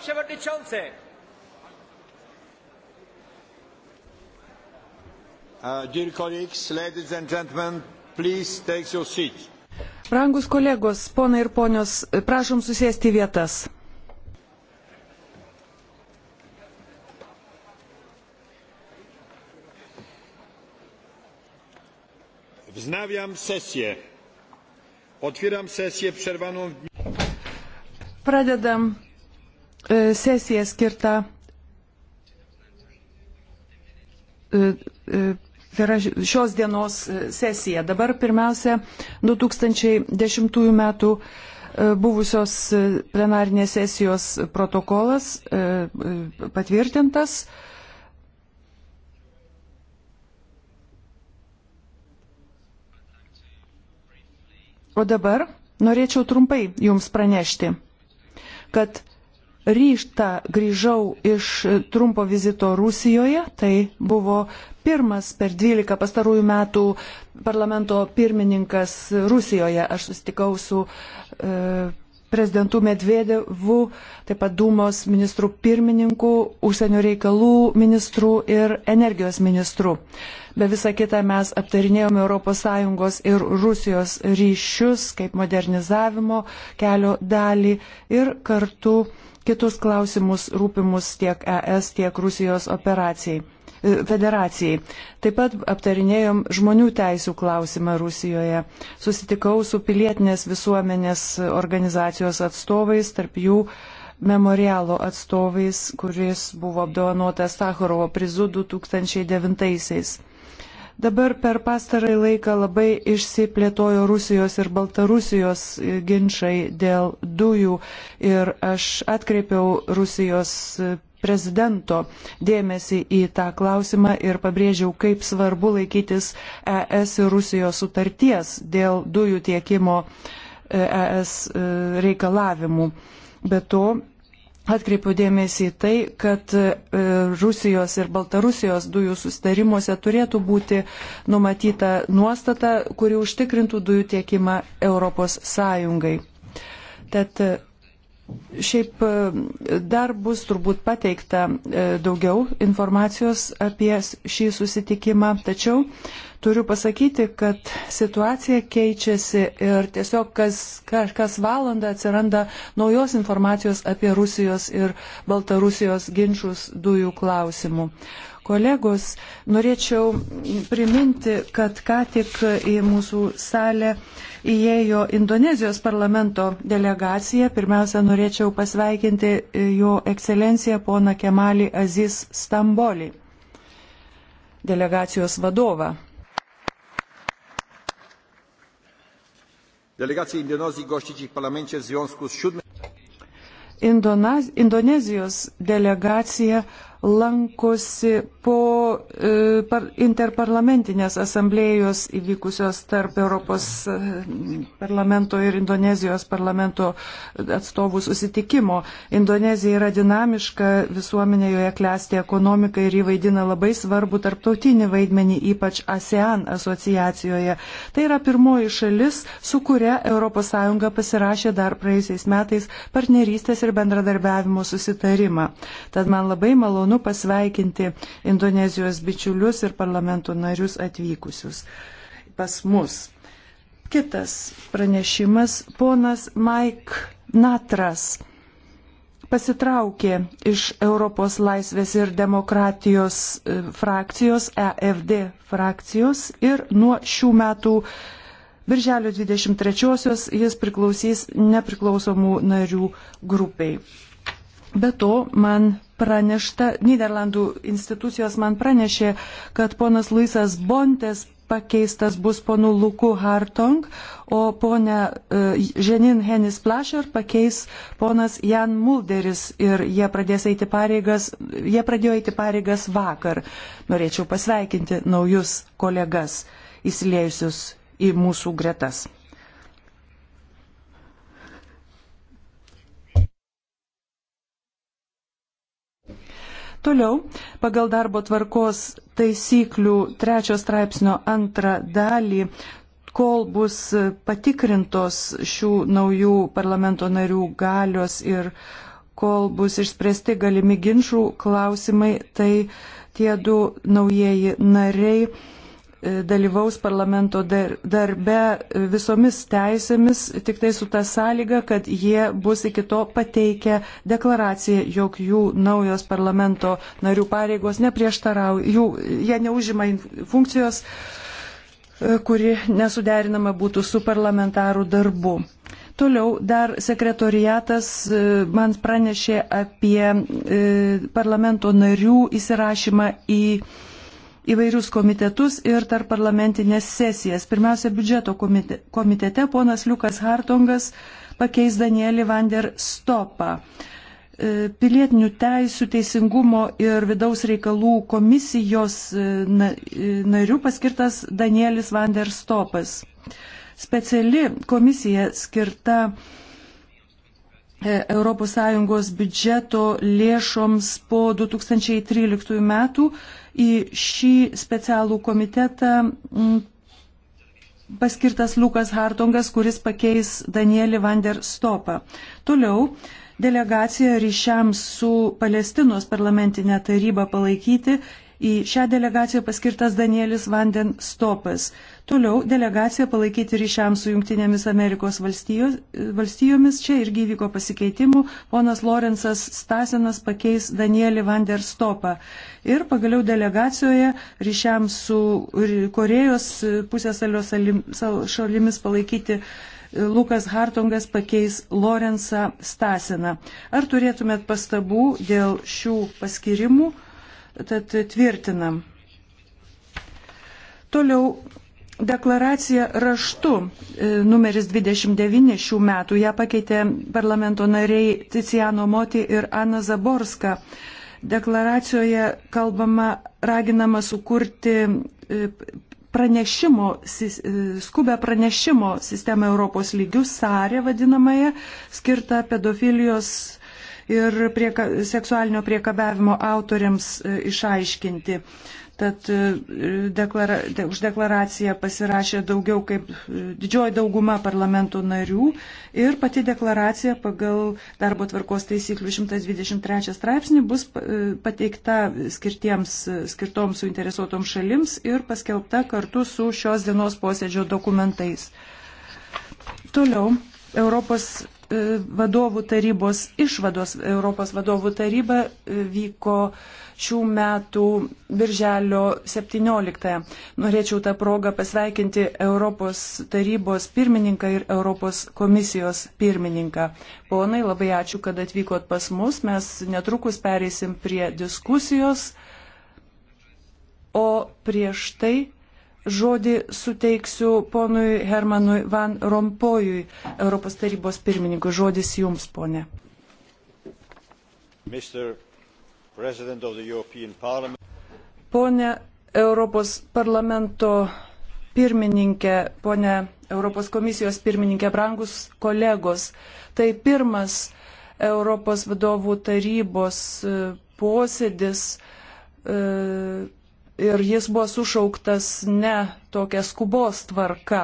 przewodniczący! Uh, dear colleagues, ladies and gentlemen, please take your seat. Brangus kolegos, ponai ir ponios, prašom susėsti vietas. Wznawiam sesję. Otwieram sesję przerwaną w dniu. Pradedam E, sesiją skirtą. E, e, tai yra šios dienos sesija. Dabar pirmiausia 2010 metų buvusios plenarinės sesijos protokolas patvirtintas. O dabar norėčiau trumpai Jums pranešti, kad ryštą grįžau iš trumpo vizito Rusijoje, tai buvo pirmas per 12 pastarųjų metų parlamento pirmininkas Rusijoje. Aš susitikau su e, prezidentu Medvedevu, taip pat Dūmos ministrų pirmininku, užsienio reikalų ministru ir energijos ministru. Be visą kitą mes aptarinėjome ES ir Rusijos ryšius kaip modernizavimo kelio dalį ir kartu uh, kitus klausimus rūpimus tiek ES, tiek Rusijos operacijai. E, federacijai. Taip pat aptarinėjom žmonių teisų klausimą Rusijoje. Susitikau su pilietinės visuomenės organizacijos atstovais, tarp jų memorialo atstovais, kuris buvo apdovanotas Sakharovo prizu 2009-aisiais. Dabar per pastarąjį laiką labai išsiplėtojo Rusijos ir Baltarusijos e, ginčiai dėl dujų ir aš atkreipiau Rusijos e, prezidento dėmesį į tą klausimą ir pabrėžiau, kaip svarbu laikytis ES ir Rusijos sutarties dėl dujų tiekimo ES e, reikalavimų. Be to, atkreipiu dėmesį į tai, kad e, Rusijos ir Baltarusijos dujų sustarimuose turėtų būti numatyta nuostata, kuri užtikrintų dujų tiekimą Europos Sąjungai. Tad Šiaip e, dar bus turbūt pateikta e, daugiau informacijos apie šį susitikimą, tačiau turiu pasakyti, kad situacija keičiasi ir tiesiog kas, kas, kas valandą atsiranda naujos informacijos apie Rusijos ir Baltarusijos ginčius dujų klausimų kolegos, norėčiau priminti, kad ką tik į mūsų salę įėjo Indonezijos parlamento delegacija. Pirmiausia, norėčiau pasveikinti jo ekscelenciją poną Kemalį Aziz Stambolį, delegacijos vadovą. Delegacja Indonezji gości dziś w parlamencie w związku z siódmym. Indonezijos delegacija lankosi po e, par, interparlamentinės asamblėjos įvykusios tarp Europos e, parlamento ir Indonezijos parlamento atstovų susitikimo. Indonezija yra dinamiška visuomenė, joje klesti ekonomika ir įvaidina labai svarbu tarptautinį vaidmenį, ypač ASEAN asociacijoje. Tai yra pirmoji šalis, su kuria ES pasirašė dar praėjusiais metais partnerystės ir bendradarbiavimo susitarimą. Tad man labai malonu malonu pasveikinti Indonezijos bičiulius ir parlamento narius atvykusius pas mus. Kitas pranešimas, ponas Mike Natras pasitraukė iš Europos laisvės ir demokratijos e, frakcijos, EFD frakcijos ir nuo šių metų Birželio 23-osios jis priklausys nepriklausomų narių grupiai. Be to, man pranešta, Niderlandų institucijos man pranešė, kad ponas Luisas Bontes pakeistas bus ponu Luku Hartong, o ponę e, Ženin Henis Plasher pakeis ponas Jan Mulderis ir jie, eiti pareigas, jie pradėjo eiti pareigas vakar. Norėčiau pasveikinti naujus kolegas įsiliejusius į mūsų gretas. Toliau, pagal darbo tvarkos taisyklių trečio straipsnio antrą dalį, kol bus patikrintos šių naujų parlamento narių galios ir kol bus išspręsti galimi ginčių klausimai, tai tie du naujieji nariai E, dalyvaus parlamento darbe e, visomis teisėmis, tik tai su ta sąlyga, kad jie bus iki to pateikę deklaraciją, jog jų naujos parlamento narių pareigos neprieštarauja, jų, jie neužima funkcijos, e, kuri nesuderinama būtų su parlamentarų darbu. Toliau dar sekretoriatas man pranešė apie parlamento narių įsirašymą į įvairius komitetus ir tarp parlamentinės sesijas. Pirmiausia, biudžeto komite, komitete ponas Liukas Hartongas pakeis Danielį Vander Stopą. E, pilietinių teisų, teisingumo ir vidaus reikalų komisijos e, e, narių paskirtas Danielis Vander Stopas. Speciali komisija skirta uh, ES biudžeto lėšoms po 2013 metų į šį specialų komitetą paskirtas Lukas Hartongas, kuris pakeis Danielį Vanderstopą. Toliau delegacija ryšiams su Palestinos parlamentinė taryba palaikyti Į šią delegaciją paskirtas Danielis Vanden Stopas. Toliau delegacija palaikyti ryšiams su Junktinėmis Amerikos valstijomis. Čia irgi įvyko pasikeitimų. Ponas Lorenzas Stasinas pakeis Danielį Vander Stopą. Ir pagaliau delegacijoje ryšiams su Korejos pusėsalio šalimis palaikyti e, Lukas Hartongas pakeis Lorenzą Stasiną. Ar turėtumėt pastabų dėl šių paskirimų? Tad tvirtinam. Toliau deklaracija raštu e, numeris 29 šių metų. Ją pakeitė parlamento nariai Ticiano Moti ir Ana Zaborska. Deklaracijoje kalbama, raginama sukurti e, pranešimo, e, skubę pranešimo sistemą Europos lygių, SARE vadinamąją, skirtą pedofilijos ir prie, seksualinio priekabiavimo autoriams e, išaiškinti. Tad e, deklara, de, už deklaraciją pasirašė daugiau kaip e, didžioji dauguma parlamento narių ir pati deklaracija pagal darbo tvarkos taisyklių 123 straipsnį bus pateikta skirtiems, skirtoms suinteresuotoms šalims ir paskelbta kartu su šios dienos posėdžio dokumentais. Toliau Europos e, vadovų tarybos išvados. Europos vadovų taryba e, vyko šių metų birželio 17. -ąją. Norėčiau tą progą pasveikinti Europos tarybos pirmininką ir Europos komisijos pirmininką. Ponai, labai ačiū, kad atvykot pas mus. Mes netrukus pereisim prie diskusijos. O prieš tai žodį suteiksiu ponui Hermanui Van Rompojui, Europos tarybos pirmininkui. Žodis jums, ponė. Pone Europos parlamento pirmininkė, ponė Europos komisijos pirmininkė, brangus kolegos, tai pirmas Europos vadovų tarybos e, posėdis e, ir jis buvo sušauktas ne tokia skubos tvarka.